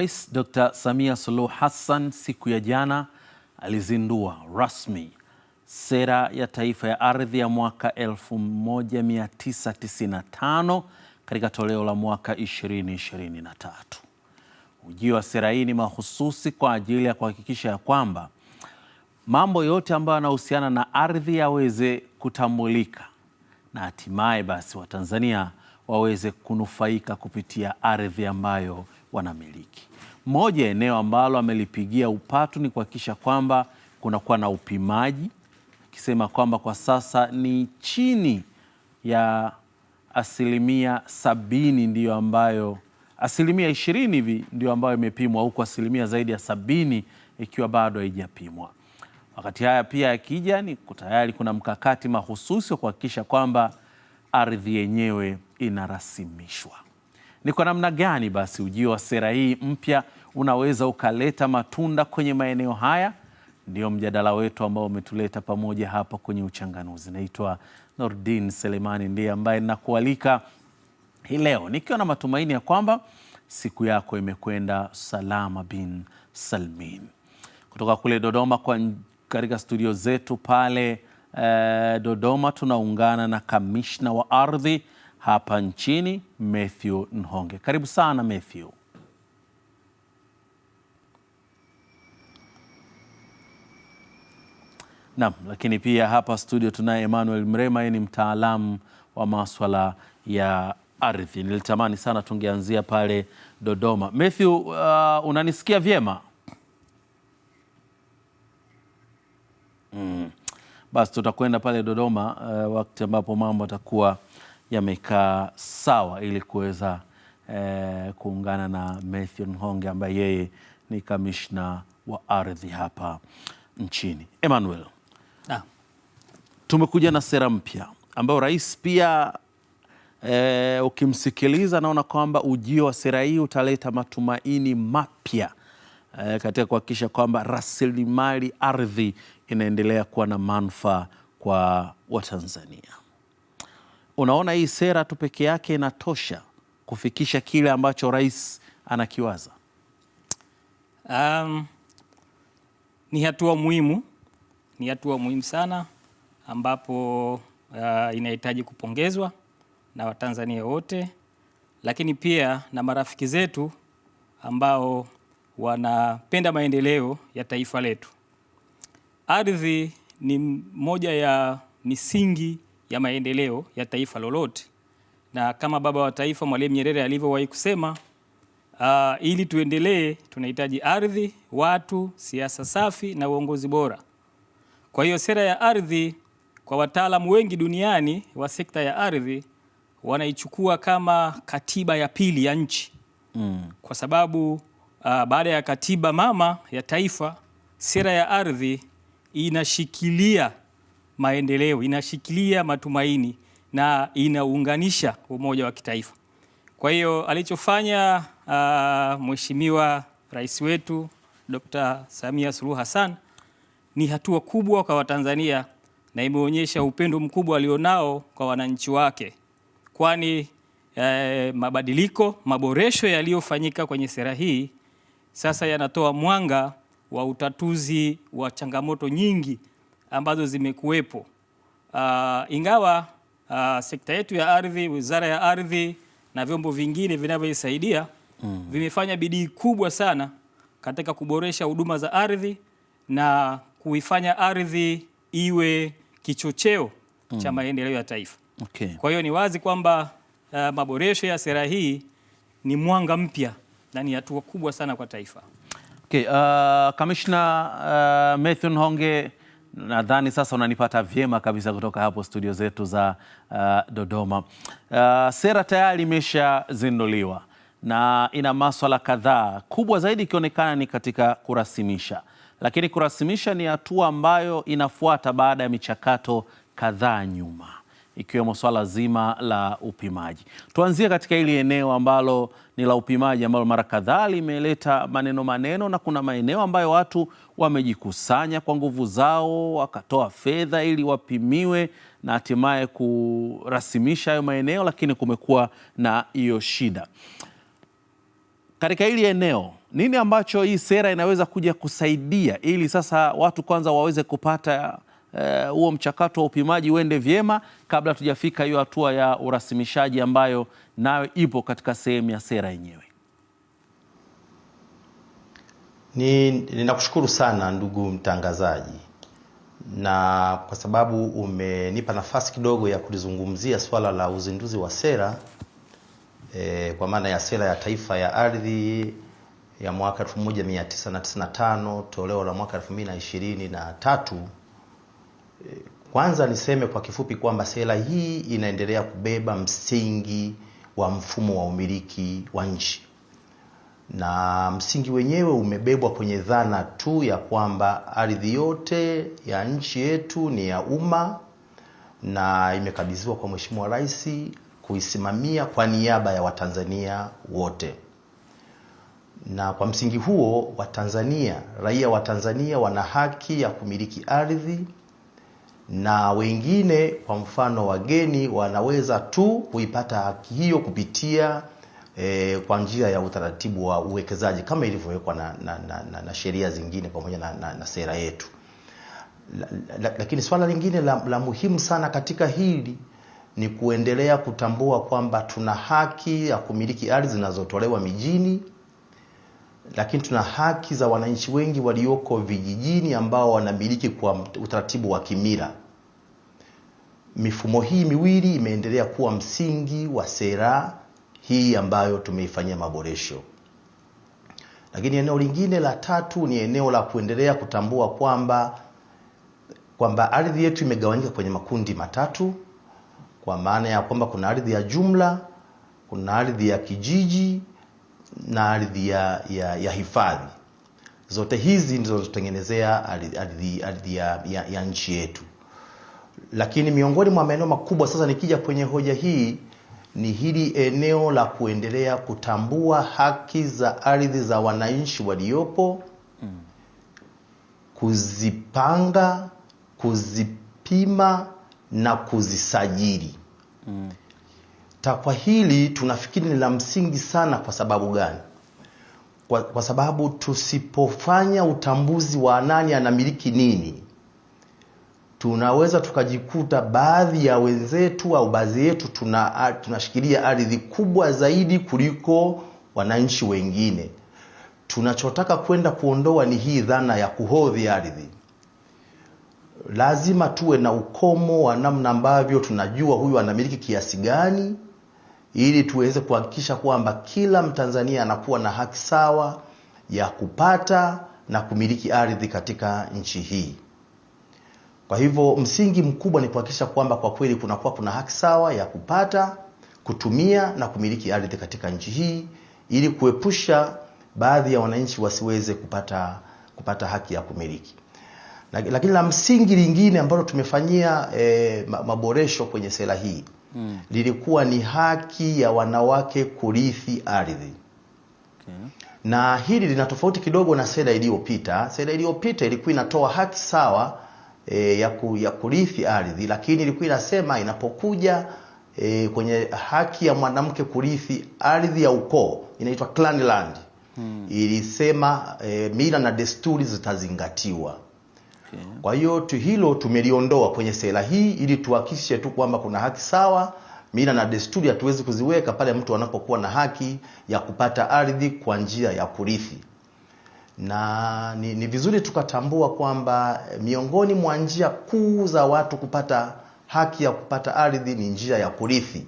Rais Dr. Samia Suluhu Hassan siku ya jana alizindua rasmi sera ya taifa ya ardhi ya mwaka 1995 katika toleo la mwaka 2023. Ujio wa sera hii ni mahususi kwa ajili ya kuhakikisha ya kwamba mambo yote ambayo yanahusiana na ardhi yaweze kutambulika na hatimaye basi Watanzania waweze kunufaika kupitia ardhi ambayo wanamiliki. Moja eneo ambalo amelipigia upatu ni kuhakikisha kwamba kunakuwa na upimaji, akisema kwamba kwa sasa ni chini ya asilimia sabini ndiyo ambayo asilimia ishirini hivi ndio ambayo imepimwa huku asilimia zaidi ya sabini ikiwa bado haijapimwa. Wakati haya pia yakija, ni tayari kuna mkakati mahususi wa kuhakikisha kwamba ardhi yenyewe inarasimishwa. Ni kwa namna gani basi ujio wa sera hii mpya unaweza ukaleta matunda kwenye maeneo haya? Ndio mjadala wetu ambao umetuleta pamoja hapa kwenye Uchanganuzi. Naitwa Nordin Selemani, ndiye ambaye ninakualika hii leo nikiwa na matumaini ya kwamba siku yako imekwenda salama bin salmin. Kutoka kule Dodoma kwa katika studio zetu pale eh, Dodoma tunaungana na kamishna wa ardhi hapa nchini Mathew Nhonge. Karibu sana Mathew. Naam, lakini pia hapa studio tunaye Emmanuel Mrema, yeye ni mtaalamu wa maswala ya ardhi. Nilitamani sana tungeanzia pale Dodoma. Matthew, uh, unanisikia vyema? Mm. Basi tutakwenda pale Dodoma uh, wakati ambapo mambo yatakuwa yamekaa sawa ili kuweza uh, kuungana na Matthew Nhonge ambaye yeye ni kamishna wa ardhi hapa nchini. Emmanuel tumekuja na sera mpya ambayo rais pia e, ukimsikiliza naona kwamba ujio wa sera hii utaleta matumaini mapya e, katika kuhakikisha kwamba rasilimali ardhi inaendelea kuwa na manufaa kwa Watanzania. Unaona, hii sera tu peke yake inatosha kufikisha kile ambacho rais anakiwaza. Um, ni hatua muhimu, ni hatua muhimu sana ambapo uh, inahitaji kupongezwa na Watanzania wote, lakini pia na marafiki zetu ambao wanapenda maendeleo ya taifa letu. Ardhi ni moja ya misingi ya maendeleo ya taifa lolote, na kama baba wa taifa Mwalimu Nyerere alivyowahi kusema uh, ili tuendelee tunahitaji ardhi, watu, siasa safi na uongozi bora. Kwa hiyo sera ya ardhi kwa wataalamu wengi duniani wa sekta ya ardhi wanaichukua kama katiba ya pili ya nchi mm. Kwa sababu uh, baada ya katiba mama ya taifa, sera ya ardhi inashikilia maendeleo, inashikilia matumaini na inaunganisha umoja wa kitaifa. Kwa hiyo alichofanya uh, Mheshimiwa Rais wetu Dr. Samia Suluhu Hassan ni hatua kubwa kwa Watanzania na imeonyesha upendo mkubwa alionao kwa wananchi wake, kwani eh, mabadiliko maboresho yaliyofanyika kwenye sera hii sasa yanatoa mwanga wa utatuzi wa changamoto nyingi ambazo zimekuwepo. Uh, ingawa uh, sekta yetu ya ardhi, wizara ya ardhi na vyombo vingine vinavyoisaidia mm, vimefanya bidii kubwa sana katika kuboresha huduma za ardhi na kuifanya ardhi iwe kichocheo mm. cha maendeleo ya taifa. Okay. Kwa hiyo ni wazi kwamba uh, maboresho ya sera hii ni mwanga mpya na ni hatua kubwa sana kwa taifa. Okay, uh, Kamishna uh, Mathew Honge nadhani sasa unanipata vyema kabisa kutoka hapo studio zetu za uh, Dodoma. Uh, sera tayari imeshazinduliwa na ina maswala kadhaa, kubwa zaidi ikionekana ni katika kurasimisha lakini kurasimisha ni hatua ambayo inafuata baada ya michakato kadhaa nyuma, ikiwemo swala zima la upimaji. Tuanzie katika hili eneo ambalo ni la upimaji, ambalo mara kadhaa limeleta maneno maneno, na kuna maeneo ambayo watu wamejikusanya kwa nguvu zao, wakatoa fedha ili wapimiwe na hatimaye kurasimisha hayo maeneo, lakini kumekuwa na hiyo shida katika hili eneo, nini ambacho hii sera inaweza kuja kusaidia ili sasa watu kwanza waweze kupata eh, huo uh, mchakato wa upimaji uende vyema kabla tujafika hiyo hatua ya urasimishaji ambayo nayo ipo katika sehemu ya sera yenyewe. Ni ninakushukuru sana ndugu mtangazaji, na kwa sababu umenipa nafasi kidogo ya kulizungumzia swala la uzinduzi wa sera e, kwa maana ya sera ya taifa ya ardhi ya mwaka 1995 toleo la mwaka 2023. E, kwanza niseme kwa kifupi kwamba sera hii inaendelea kubeba msingi wa mfumo wa umiliki wa nchi, na msingi wenyewe umebebwa kwenye dhana tu ya kwamba ardhi yote ya nchi yetu ni ya umma na imekabidhiwa kwa Mheshimiwa Rais kuisimamia kwa niaba ya Watanzania wote. Na kwa msingi huo, Watanzania, raia wa Tanzania wana haki ya kumiliki ardhi na wengine, kwa mfano wageni, wanaweza tu kuipata haki hiyo kupitia E, kwa njia ya utaratibu wa uwekezaji kama ilivyowekwa na, na, na, na, na sheria zingine pamoja na, na, na sera yetu la, la, lakini swala lingine la, la muhimu sana katika hili ni kuendelea kutambua kwamba tuna haki ya kumiliki ardhi zinazotolewa mijini, lakini tuna haki za wananchi wengi walioko vijijini ambao wanamiliki kwa utaratibu wa kimila. Mifumo hii miwili imeendelea kuwa msingi wa sera hii ambayo tumeifanyia maboresho. Lakini eneo lingine la tatu ni eneo la kuendelea kutambua kwamba kwamba ardhi yetu imegawanyika kwenye makundi matatu kwa maana ya kwamba kuna ardhi ya jumla, kuna ardhi ya kijiji na ardhi ya, ya, ya hifadhi. Zote hizi ndizo zinazotengenezea ardhi, ya, ya, ya nchi yetu. Lakini miongoni mwa maeneo makubwa sasa, nikija kwenye hoja hii, ni hili eneo la kuendelea kutambua haki za ardhi za wananchi waliopo, mm. kuzipanga, kuzipima na kuzisajili mm. Takwa hili tunafikiri ni la msingi sana. Kwa sababu gani? Kwa, kwa sababu tusipofanya utambuzi wa nani anamiliki nini, tunaweza tukajikuta baadhi ya wenzetu au baadhi yetu tuna, tunashikilia ardhi kubwa zaidi kuliko wananchi wengine. Tunachotaka kwenda kuondoa ni hii dhana ya kuhodhi ardhi lazima tuwe na ukomo wa namna ambavyo tunajua huyu anamiliki kiasi gani, ili tuweze kuhakikisha kwamba kila Mtanzania anakuwa na haki sawa ya kupata na kumiliki ardhi katika nchi hii. Kwa hivyo msingi mkubwa ni kuhakikisha kwamba kwa kweli kunakuwa kuna haki sawa ya kupata, kutumia na kumiliki ardhi katika nchi hii ili kuepusha baadhi ya wananchi wasiweze kupata, kupata haki ya kumiliki. Lakini la msingi lingine ambalo tumefanyia e, maboresho kwenye sera hii mm. lilikuwa ni haki ya wanawake kurithi ardhi okay. na hili lina tofauti kidogo na sera iliyopita. Sera iliyopita ilikuwa inatoa haki sawa e, ya, ku, ya kurithi ardhi, lakini ilikuwa inasema inapokuja e, kwenye haki ya mwanamke kurithi ardhi ya ukoo inaitwa clan land hmm. ilisema e, mila na desturi zitazingatiwa Okay. Kwa hiyo hilo tumeliondoa kwenye sera hii ili tuhakikishe tu kwamba kuna haki sawa. Mila na desturi hatuwezi kuziweka pale mtu anapokuwa na haki ya kupata ardhi kwa njia ya kurithi, na ni, ni vizuri tukatambua kwamba eh, miongoni mwa njia kuu za watu kupata haki ya kupata ardhi ni njia ya kurithi.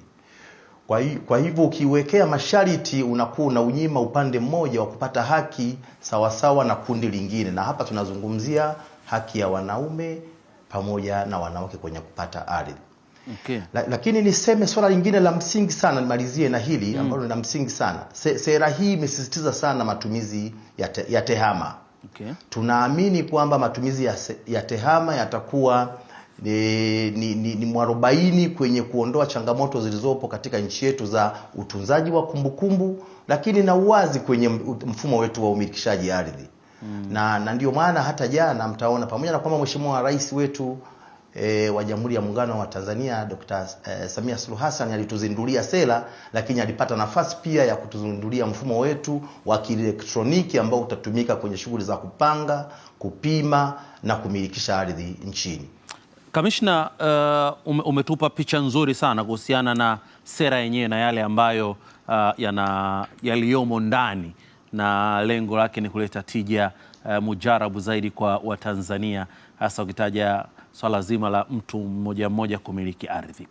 Kwa hivyo ukiwekea masharti unakuwa unaunyima upande mmoja wa kupata haki sawasawa na kundi lingine, na hapa tunazungumzia haki ya wanaume pamoja na wanawake kwenye kupata ardhi. Okay. La, lakini niseme swala lingine la msingi sana nimalizie na hili mm. ambalo ni la msingi sana. Se, sera hii imesisitiza sana matumizi ya, te, ya tehama. Okay. Tunaamini kwamba matumizi ya, ya tehama yatakuwa ni, ni, ni, ni mwarobaini kwenye kuondoa changamoto zilizopo katika nchi yetu za utunzaji wa kumbukumbu kumbu, lakini na uwazi kwenye mfumo wetu wa umilikishaji ardhi. Mm. na, na ndio maana hata jana mtaona pamoja na kwamba Mheshimiwa Rais wetu e, wa Jamhuri ya Muungano wa Tanzania Dr. e, Samia Suluhu Hassan alituzindulia sera, lakini alipata nafasi pia ya kutuzindulia mfumo wetu wa kielektroniki ambao utatumika kwenye shughuli za kupanga, kupima na kumilikisha ardhi nchini. Kamishna, uh, umetupa picha nzuri sana kuhusiana na sera yenyewe na yale ambayo uh, yana yaliyomo ndani na lengo lake ni kuleta tija uh, mujarabu zaidi kwa Watanzania, hasa ukitaja swala so zima la mtu mmoja mmoja kumiliki ardhi.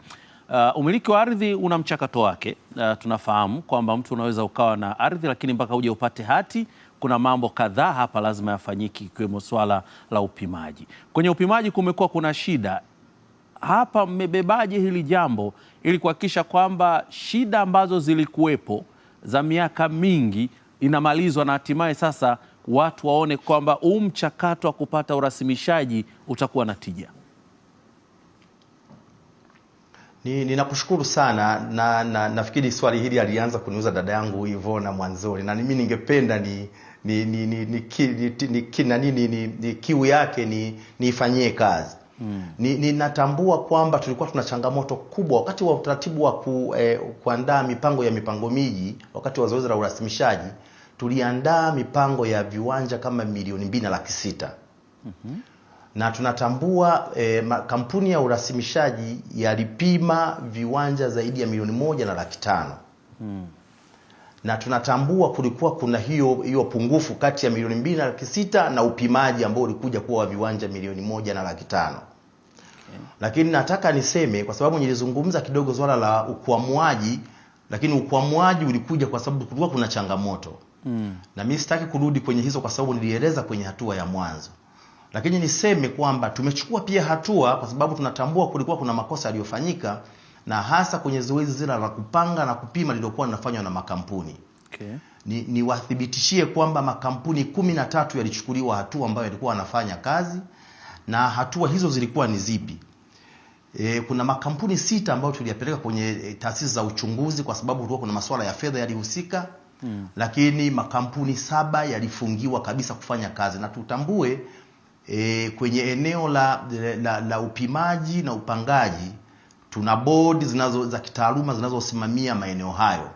Uh, umiliki wa ardhi una mchakato wake. Uh, tunafahamu kwamba mtu unaweza ukawa na ardhi lakini mpaka uje upate hati kuna mambo kadhaa hapa lazima yafanyiki, ikiwemo swala la upimaji. Kwenye upimaji kumekuwa kuna shida hapa. Mmebebaje hili jambo ili kuhakikisha kwamba shida ambazo zilikuwepo za miaka mingi inamalizwa na hatimaye sasa watu waone kwamba huu mchakato wa kupata urasimishaji utakuwa na tija. Ni ninakushukuru sana na, na nafikiri swali hili alianza kuniuza dada yangu Ivona mwanzoni, na mimi ningependa ni ni ni ni ni ni kiu yake ni niifanyie kazi. Hmm. Ninatambua ni kwamba tulikuwa tuna changamoto kubwa wakati wa utaratibu wa ku, eh, kuandaa mipango ya mipango miji wakati wa zoezi la urasimishaji tuliandaa mipango ya viwanja kama milioni mbili na laki sita mm -hmm. na tunatambua e, kampuni ya urasimishaji yalipima viwanja zaidi ya milioni moja na laki tano mm. na tunatambua kulikuwa kuna hiyo hiyo pungufu kati ya milioni mbili na laki sita na upimaji ambao ulikuja kuwa wa viwanja milioni moja na laki tano okay. lakini nataka niseme kwa sababu nilizungumza kidogo swala la ukwamuaji lakini ukwamuaji ulikuja kwa sababu kulikuwa kuna changamoto mm. na mimi sitaki kurudi kwenye hizo kwa sababu nilieleza kwenye hatua ya mwanzo, lakini niseme kwamba tumechukua pia hatua kwa sababu tunatambua kulikuwa kuna makosa yaliyofanyika na hasa kwenye zoezi zila la kupanga na kupima lililokuwa linafanywa na makampuni okay. Ni, kwamba makampuni kumi na tatu yalichukuliwa hatua ambayo yalikuwa wanafanya kazi na hatua hizo zilikuwa ni zipi? E, kuna makampuni sita ambayo tuliyapeleka kwenye e, taasisi za uchunguzi kwa sababu kulikuwa kuna masuala ya fedha yalihusika mm. Lakini makampuni saba yalifungiwa kabisa kufanya kazi, na tutambue e, kwenye eneo la, la, la upimaji na upangaji tuna bodi zinazo za kitaaluma zinazosimamia maeneo hayo.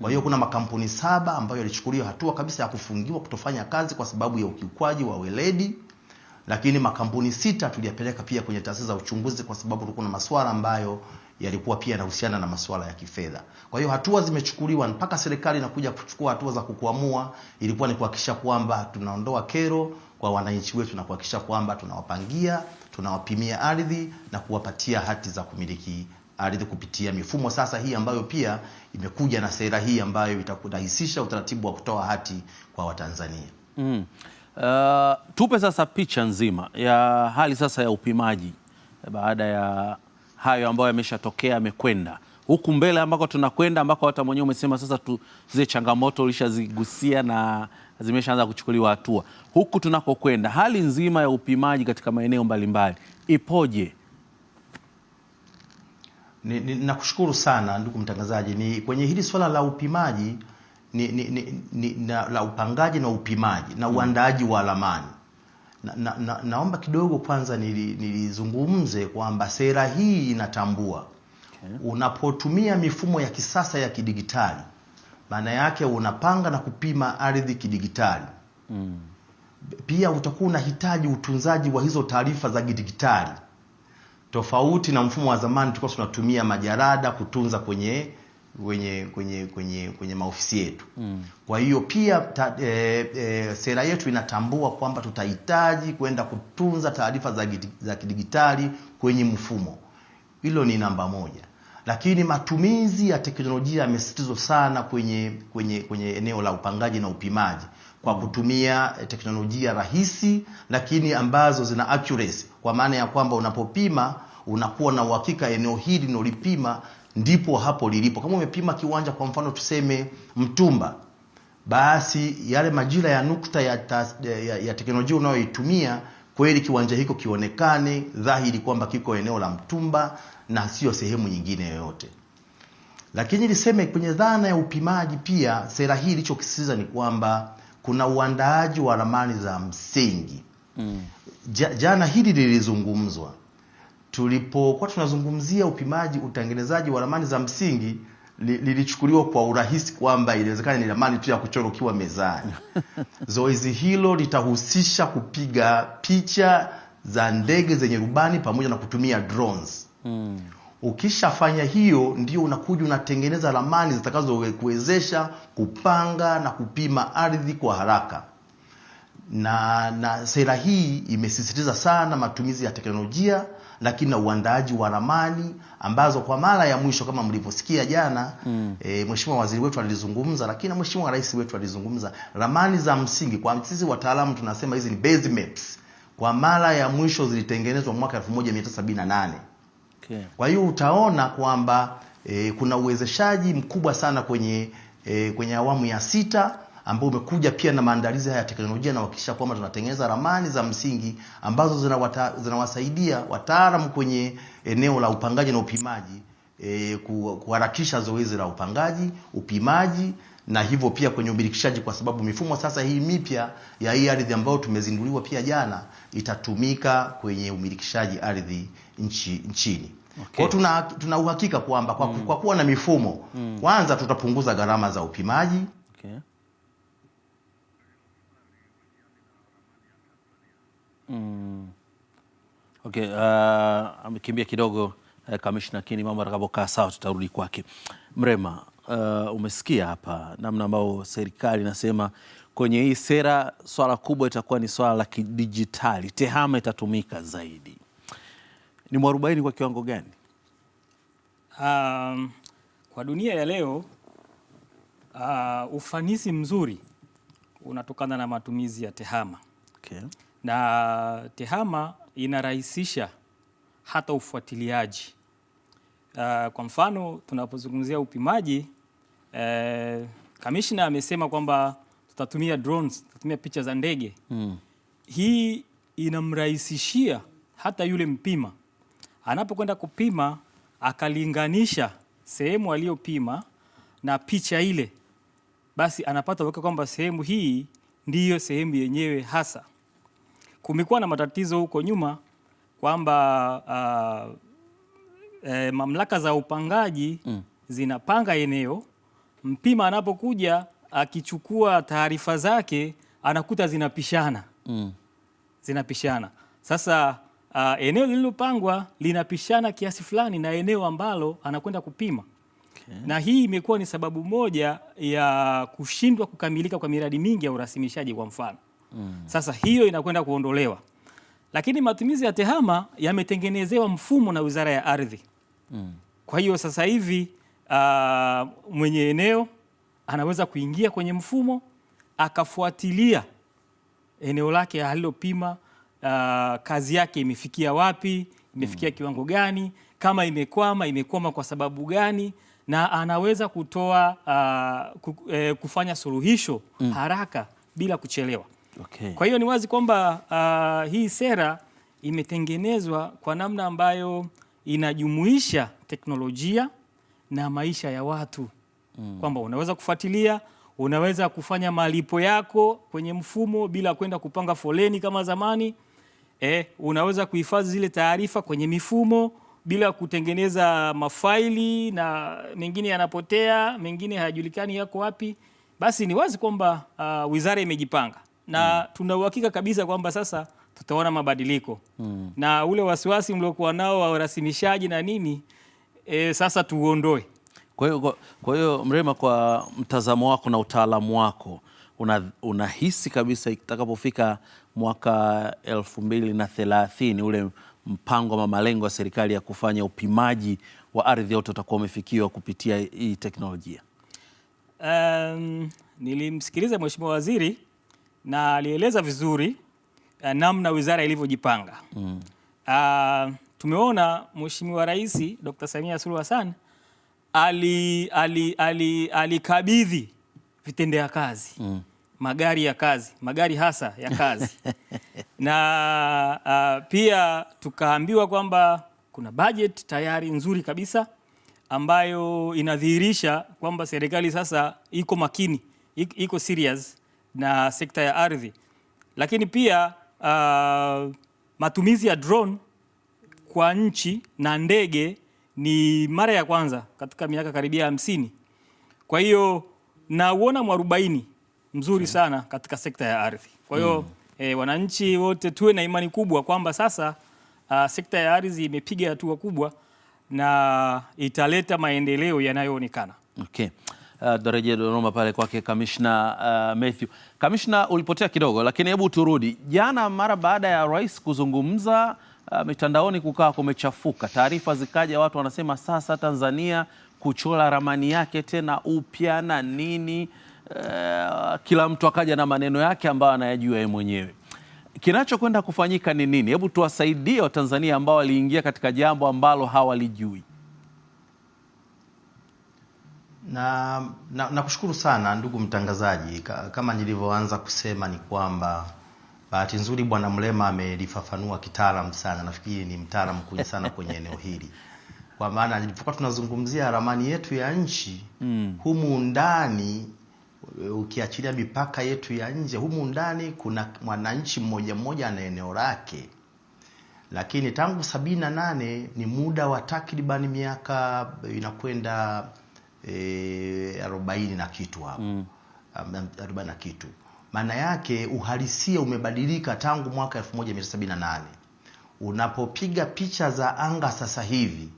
Kwa hiyo mm. kuna makampuni saba ambayo yalichukuliwa hatua kabisa ya kufungiwa kutofanya kazi kwa sababu ya ukiukwaji wa weledi, lakini makampuni sita tuliyapeleka pia kwenye taasisi za uchunguzi kwa sababu tulikuwa na masuala ambayo yalikuwa pia yanahusiana na masuala ya kifedha. Kwa hiyo hatua zimechukuliwa mpaka serikali inakuja kuchukua hatua za kukuamua ilikuwa ni kuhakikisha kwamba tunaondoa kero kwa wananchi wetu na kuhakikisha kwamba tunawapangia, tunawapimia ardhi na kuwapatia hati za kumiliki ardhi kupitia mifumo sasa hii ambayo pia imekuja na sera hii ambayo itakurahisisha utaratibu wa kutoa hati kwa Watanzania. Mm. Uh, tupe sasa picha nzima ya hali sasa ya upimaji baada ya hayo ambayo yameshatokea yamekwenda huku mbele ambako tunakwenda ambako hata mwenyewe umesema sasa tu, zile changamoto ulishazigusia na zimeshaanza kuchukuliwa hatua. Huku tunakokwenda hali nzima ya upimaji katika maeneo mbalimbali ipoje? Nakushukuru sana ndugu mtangazaji. Ni kwenye hili swala la upimaji ni, ni, ni, ni, na, la upangaji na upimaji na hmm. uandaaji wa alamani na, na, na, naomba kidogo kwanza nilizungumze kwamba sera hii inatambua okay. Unapotumia mifumo ya kisasa ya kidigitali maana yake unapanga na kupima ardhi kidigitali mm. Pia utakuwa unahitaji utunzaji wa hizo taarifa za kidigitali tofauti na mfumo wa zamani tulikuwa tunatumia majarada kutunza kwenye kwenye kwenye kwenye kwenye maofisi yetu mm. Kwa hiyo pia ta, e, e, sera yetu inatambua kwamba tutahitaji kwenda kutunza taarifa za, za kidigitali kwenye mfumo. Hilo ni namba moja, lakini matumizi ya teknolojia yamesitizwa sana kwenye, kwenye, kwenye eneo la upangaji na upimaji kwa kutumia e, teknolojia rahisi lakini ambazo zina accuracy, kwa maana ya kwamba unapopima unakuwa na uhakika eneo hili linolipima ndipo hapo lilipo. Kama umepima kiwanja kwa mfano tuseme Mtumba, basi yale majira ya nukta ya, ya, ya, ya teknolojia unayoitumia kweli kiwanja hiko kionekane dhahiri kwamba kiko eneo la Mtumba na sio sehemu nyingine yoyote. Lakini liseme kwenye dhana ya upimaji pia, sera hii ilichokisitiza ni kwamba kuna uandaaji wa ramani za msingi mm. Ja, jana hili lilizungumzwa tulipokuwa tunazungumzia upimaji utengenezaji wa ramani za msingi lilichukuliwa kwa urahisi kwamba inawezekana ni ramani tu ya kuchora ukiwa mezani. Zoezi hilo litahusisha kupiga picha za ndege zenye rubani pamoja na kutumia drones. Mm. Ukishafanya hiyo ndio unakuja unatengeneza ramani zitakazokuwezesha kupanga na kupima ardhi kwa haraka. Na, na sera hii imesisitiza sana matumizi ya teknolojia lakini na uandaaji wa ramani ambazo kwa mara ya mwisho kama mlivyosikia jana mm. E, mheshimiwa waziri wetu alizungumza, lakini na mheshimiwa rais wetu alizungumza ramani za msingi. Kwa sisi wataalamu tunasema hizi ni base maps, kwa mara ya mwisho zilitengenezwa mwaka 1978 okay. Kwa hiyo utaona kwamba e, kuna uwezeshaji mkubwa sana kwenye e, kwenye awamu ya sita ambao umekuja pia na maandalizi haya ya teknolojia na kuhakikisha kwamba tunatengeneza ramani za msingi ambazo zinawasaidia zina wataalamu kwenye eneo la upangaji na upimaji e, kuharakisha zoezi la upangaji, upimaji na hivyo pia kwenye ubirikishaji, kwa sababu mifumo sasa hii mipya ya hii ardhi ambayo tumezinduliwa pia jana itatumika kwenye umirikishaji ardhi nchi, nchini. Okay. Kwa tuna, tuna uhakika kwamba kwa, mm. kwa kuwa na mifumo mm. kwanza tutapunguza gharama za upimaji Mm. Okay, uh, amekimbia kidogo uh, kamishna kini mama atakapokaa sawa tutarudi kwake. Mrema, uh, umesikia hapa namna ambao serikali inasema kwenye hii sera swala kubwa itakuwa ni swala la kidijitali, tehama itatumika zaidi. Ni mwarobaini kwa kiwango gani? Um, kwa dunia ya leo uh, ufanisi mzuri unatokana na matumizi ya tehama. Okay na TEHAMA inarahisisha hata ufuatiliaji. Uh, kwa mfano tunapozungumzia upimaji eh, kamishna amesema kwamba tutatumia drones, tutatumia picha za ndege mm. Hii inamrahisishia hata yule mpima anapokwenda kupima akalinganisha sehemu aliyopima na picha ile, basi anapata weka kwamba sehemu hii ndiyo sehemu yenyewe hasa kumekuwa na matatizo huko nyuma kwamba uh, e, mamlaka za upangaji mm. zinapanga eneo, mpima anapokuja akichukua taarifa zake anakuta zinapishana mm. zinapishana. Sasa uh, eneo lililopangwa linapishana kiasi fulani na eneo ambalo anakwenda kupima okay. Na hii imekuwa ni sababu moja ya kushindwa kukamilika kwa miradi mingi ya urasimishaji kwa mfano Mm. Sasa hiyo inakwenda kuondolewa, lakini matumizi ya tehama yametengenezewa mfumo na Wizara ya Ardhi. Mm. Kwa hiyo sasa hivi uh, mwenye eneo anaweza kuingia kwenye mfumo akafuatilia eneo lake alilopima, uh, kazi yake imefikia wapi, imefikia mm. kiwango gani, kama imekwama, imekwama kwa sababu gani, na anaweza kutoa uh, eh, kufanya suluhisho mm. haraka bila kuchelewa. Okay. Kwa hiyo ni wazi kwamba uh, hii sera imetengenezwa kwa namna ambayo inajumuisha teknolojia na maisha ya watu mm. Kwamba unaweza kufuatilia, unaweza kufanya malipo yako kwenye mfumo bila kwenda kupanga foleni kama zamani. Eh, unaweza kuhifadhi zile taarifa kwenye mifumo bila kutengeneza mafaili na mengine yanapotea, mengine hayajulikani yako wapi. Basi ni wazi kwamba uh, wizara imejipanga na tuna uhakika kabisa kwamba sasa tutaona mabadiliko mm. na ule wasiwasi mliokuwa nao wa urasimishaji na nini e, sasa tuuondoe. Kwa hiyo kwa hiyo Mrema, kwa mtazamo wako na utaalamu wako unahisi una kabisa itakapofika mwaka elfu mbili na thelathini ule mpango ama malengo ya serikali ya kufanya upimaji wa ardhi yote utakuwa umefikiwa kupitia hii teknolojia? Um, nilimsikiliza mheshimiwa waziri na alieleza vizuri uh, namna wizara ilivyojipanga mm. Uh, tumeona Mheshimiwa Rais Dr. Samia Suluhu Hassan ali alikabidhi ali, ali vitendea kazi mm. magari ya kazi magari hasa ya kazi na uh, pia tukaambiwa kwamba kuna budget tayari nzuri kabisa ambayo inadhihirisha kwamba serikali sasa iko makini, iko serious na sekta ya ardhi, lakini pia uh, matumizi ya drone kwa nchi na ndege ni mara ya kwanza katika miaka karibia hamsini. Kwa hiyo nauona mwarubaini mzuri okay, sana katika sekta ya ardhi. Kwa hiyo mm, eh, wananchi wote tuwe na imani kubwa kwamba sasa uh, sekta ya ardhi imepiga hatua kubwa na italeta maendeleo yanayoonekana. Okay. Eh, tutarejea Dodoma pale kwake kamishna uh, Matthew. Kamishna, ulipotea kidogo, lakini hebu turudi jana, mara baada ya rais kuzungumza uh, mitandaoni kukaa kumechafuka, taarifa zikaja, watu wanasema sasa Tanzania kuchora ramani yake tena upya na nini uh, kila mtu akaja na maneno yake ambayo anayajua yeye mwenyewe kinachokwenda kufanyika ni nini? Hebu tuwasaidie Watanzania ambao waliingia katika jambo ambalo hawalijui. Na, na, na kushukuru sana ndugu mtangazaji. Kama nilivyoanza kusema ni kwamba bahati nzuri Bwana Mlema amelifafanua kitaalam sana, nafikiri ni mtaalam kwenye sana kwenye eneo hili, kwa maana nilipokuwa tunazungumzia ramani yetu ya nchi mm, humu ndani ukiachilia mipaka yetu ya nje, humu ndani kuna mwananchi mmoja mmoja ana eneo lake, lakini tangu sabini na nane ni muda wa takriban miaka inakwenda e, arobaini na kitu hapo mm. arobaini na kitu maana yake uhalisia umebadilika tangu mwaka nane unapopiga picha za anga sasa hivi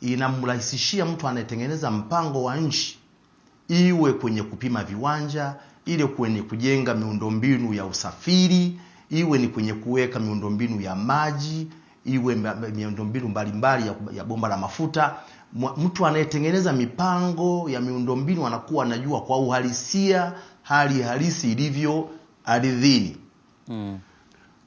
inamrahisishia mtu anayetengeneza mpango wa nchi iwe kwenye kupima viwanja ile kwenye kujenga miundombinu ya usafiri iwe ni kwenye kuweka miundombinu ya maji iwe miundombinu mbalimbali ya, ya bomba la mafuta mtu anayetengeneza mipango ya miundombinu anakuwa anajua kwa uhalisia hali halisi ilivyo ardhini mm.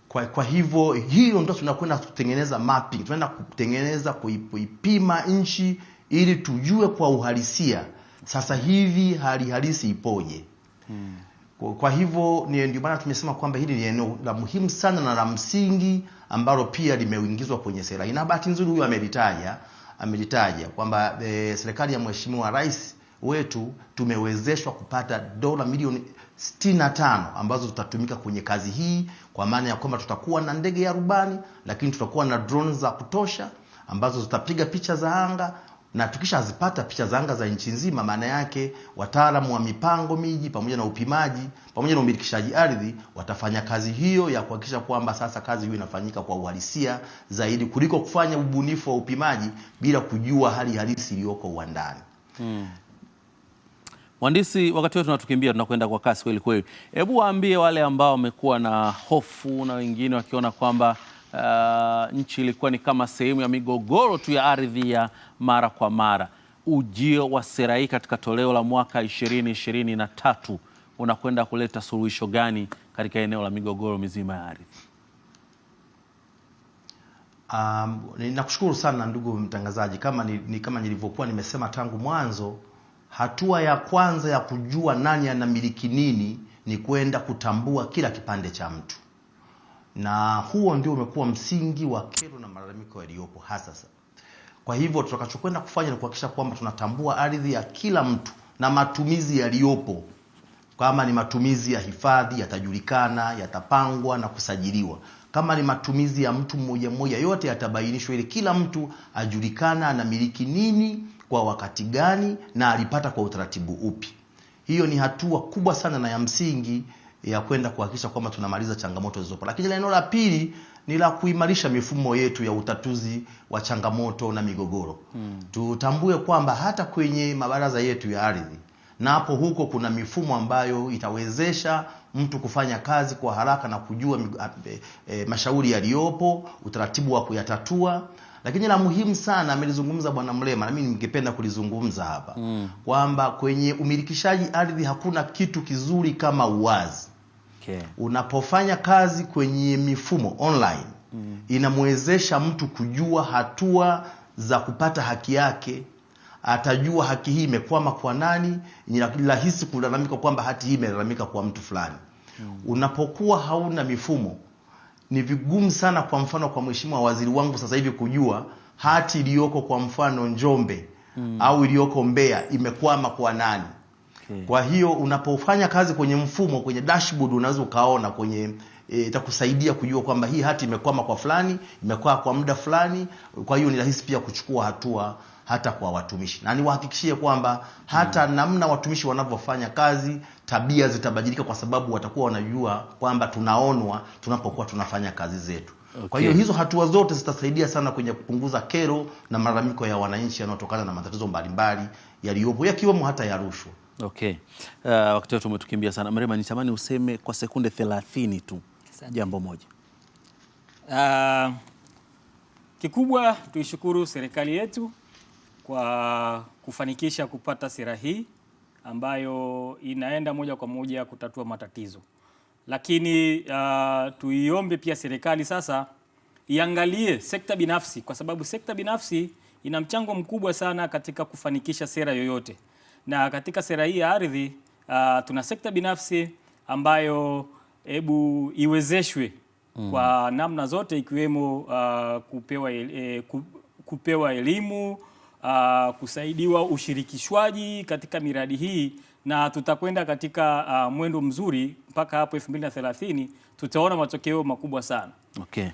Kwa, kwa hivyo hiyo ndio tunakwenda kutengeneza mapping, tunaenda kutengeneza kuipima nchi ili tujue kwa uhalisia sasa hivi hali halisi ipoje. mm. Kwa, kwa hivyo ndio maana tumesema kwamba hili ni eneo la muhimu sana na la msingi ambalo pia limeingizwa kwenye sera, ina bahati nzuri huyu amelitaja amelitaja kwamba e, serikali ya mheshimiwa rais wetu tumewezeshwa kupata dola milioni 65 ambazo zitatumika kwenye kazi hii, kwa maana ya kwamba tutakuwa na ndege ya rubani, lakini tutakuwa na drone za kutosha ambazo zitapiga picha za anga na tukishazipata picha za anga za nchi nzima, maana yake wataalamu wa mipango miji pamoja na upimaji pamoja na umilikishaji ardhi watafanya kazi hiyo ya kuhakikisha kwamba sasa kazi hiyo inafanyika kwa uhalisia zaidi kuliko kufanya ubunifu wa upimaji bila kujua hali halisi iliyoko uwandani. Hmm. Mhandisi, wakati wetu tunatukimbia, tunakwenda kwa kasi kweli kweli. Hebu waambie wale ambao wamekuwa na hofu na wengine wakiona kwamba uh, nchi ilikuwa ni kama sehemu ya migogoro tu ya ardhi ya mara kwa mara. Ujio wa sera hii katika toleo la mwaka 2023 unakwenda kuleta suluhisho gani katika eneo la migogoro mizima ya ardhi? Um, ninakushukuru sana ndugu mtangazaji. Kama ni, ni kama nilivyokuwa nimesema tangu mwanzo, hatua ya kwanza ya kujua nani anamiliki nini ni kwenda kutambua kila kipande cha mtu na huo ndio umekuwa msingi wa kero na malalamiko yaliyopo hasa sasa. Kwa hivyo tutakachokwenda kufanya ni kuhakikisha kwamba tunatambua ardhi ya kila mtu na matumizi yaliyopo, kama ni matumizi ya hifadhi yatajulikana, yatapangwa na kusajiliwa. Kama ni matumizi ya mtu mmoja mmoja, yote yatabainishwa ili kila mtu ajulikana anamiliki nini kwa wakati gani na alipata kwa utaratibu upi. Hiyo ni hatua kubwa sana na ya msingi ya kwenda kuhakikisha kwamba tunamaliza changamoto zilizopo. Lakini eneo la pili ni la kuimarisha mifumo yetu ya utatuzi wa changamoto na migogoro hmm. Tutambue kwamba hata kwenye mabaraza yetu ya ardhi napo huko kuna mifumo ambayo itawezesha mtu kufanya kazi kwa haraka na kujua e, e, mashauri yaliyopo, utaratibu wa kuyatatua. Lakini la muhimu sana amelizungumza Bwana Mlema, na mimi ningependa kulizungumza hapa hmm. kwamba kwenye umilikishaji ardhi hakuna kitu kizuri kama uwazi Okay. Unapofanya kazi kwenye mifumo online mm. inamwezesha mtu kujua hatua za kupata haki yake. Atajua haki hii imekwama kwa nani, ni rahisi kulalamika kwamba hati hii imelalamika kwa mtu fulani mm. Unapokuwa hauna mifumo, ni vigumu sana, kwa mfano kwa mheshimiwa waziri wangu sasa hivi kujua hati iliyoko kwa mfano Njombe mm. au iliyoko Mbeya imekwama kwa nani kwa hiyo unapofanya kazi kwenye mfumo, kwenye dashboard unaweza ukaona kwenye e, itakusaidia e, kujua kwamba hii hati imekwama kwa fulani, imekaa kwa muda fulani. Kwa hiyo ni rahisi pia kuchukua hatua hata kwa watumishi, na niwahakikishie kwamba hata hmm, namna watumishi wanavyofanya kazi, tabia zitabadilika, kwa sababu watakuwa wanajua kwamba tunaonwa tunapokuwa tunafanya kazi zetu. Okay. Kwa hiyo hizo hatua zote zitasaidia sana kwenye kupunguza kero na malalamiko ya wananchi yanayotokana na matatizo mbalimbali yaliyopo yakiwemo hata ya rushwa. Okay. Uh, wakati wetu umetukimbia sana Mrema, nitamani useme kwa sekunde thelathini tu jambo moja. Uh, kikubwa tuishukuru serikali yetu kwa kufanikisha kupata sera hii ambayo inaenda moja kwa moja kutatua matatizo, lakini uh, tuiombe pia serikali sasa iangalie sekta binafsi, kwa sababu sekta binafsi ina mchango mkubwa sana katika kufanikisha sera yoyote na katika sera hii ya ardhi uh, tuna sekta binafsi ambayo hebu iwezeshwe mm. kwa namna zote ikiwemo uh, kupewa, e, kupewa elimu uh, kusaidiwa ushirikishwaji katika miradi hii na tutakwenda katika uh, mwendo mzuri mpaka hapo 2030 tutaona matokeo makubwa sana. Okay.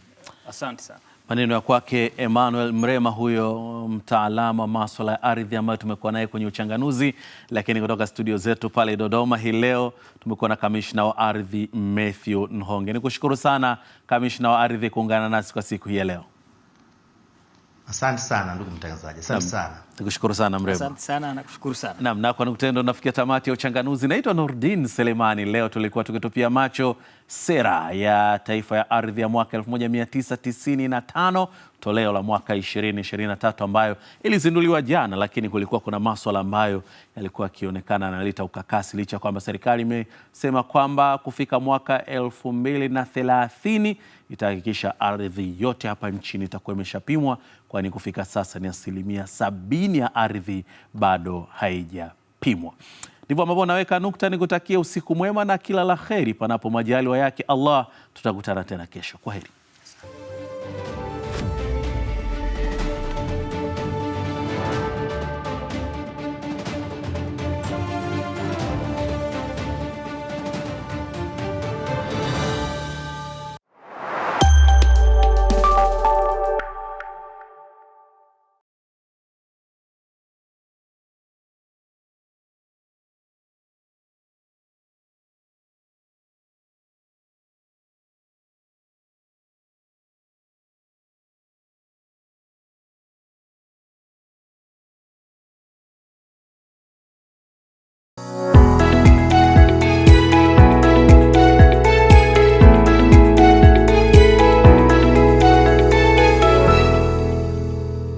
Asante sana. Maneno ya kwake Emmanuel Mrema, huyo mtaalamu wa maswala ya ardhi ambayo tumekuwa naye kwenye uchanganuzi. Lakini kutoka studio zetu pale Dodoma hii leo tumekuwa na kamishna wa ardhi Matthew Nhonge. ni kushukuru sana kamishna wa ardhi kuungana nasi kwa siku hii ya leo. Asante sana ndugu mtangazaji, asante sana nikushukuru sana mrembo. asante sana kushukuru sana naam. Na kwa nukutendo nafikia tamati ya uchanganuzi. Naitwa Nurdin Selemani. Leo tulikuwa tukitupia macho sera ya taifa ya ardhi ya mwaka 1995 toleo la mwaka 2023 ambayo ilizinduliwa jana, lakini kulikuwa kuna maswala ambayo yalikuwa yakionekana analeta ukakasi, licha ya kwamba serikali imesema kwamba kufika mwaka 2030 itahakikisha ardhi yote hapa nchini itakuwa imeshapimwa, kwani kufika sasa ni asilimia sabini ya ardhi bado haijapimwa. Ndivyo ambavyo naweka nukta, ni kutakia usiku mwema na kila la heri, panapo majaliwa yake Allah. Tutakutana tena kesho. Kwa heri.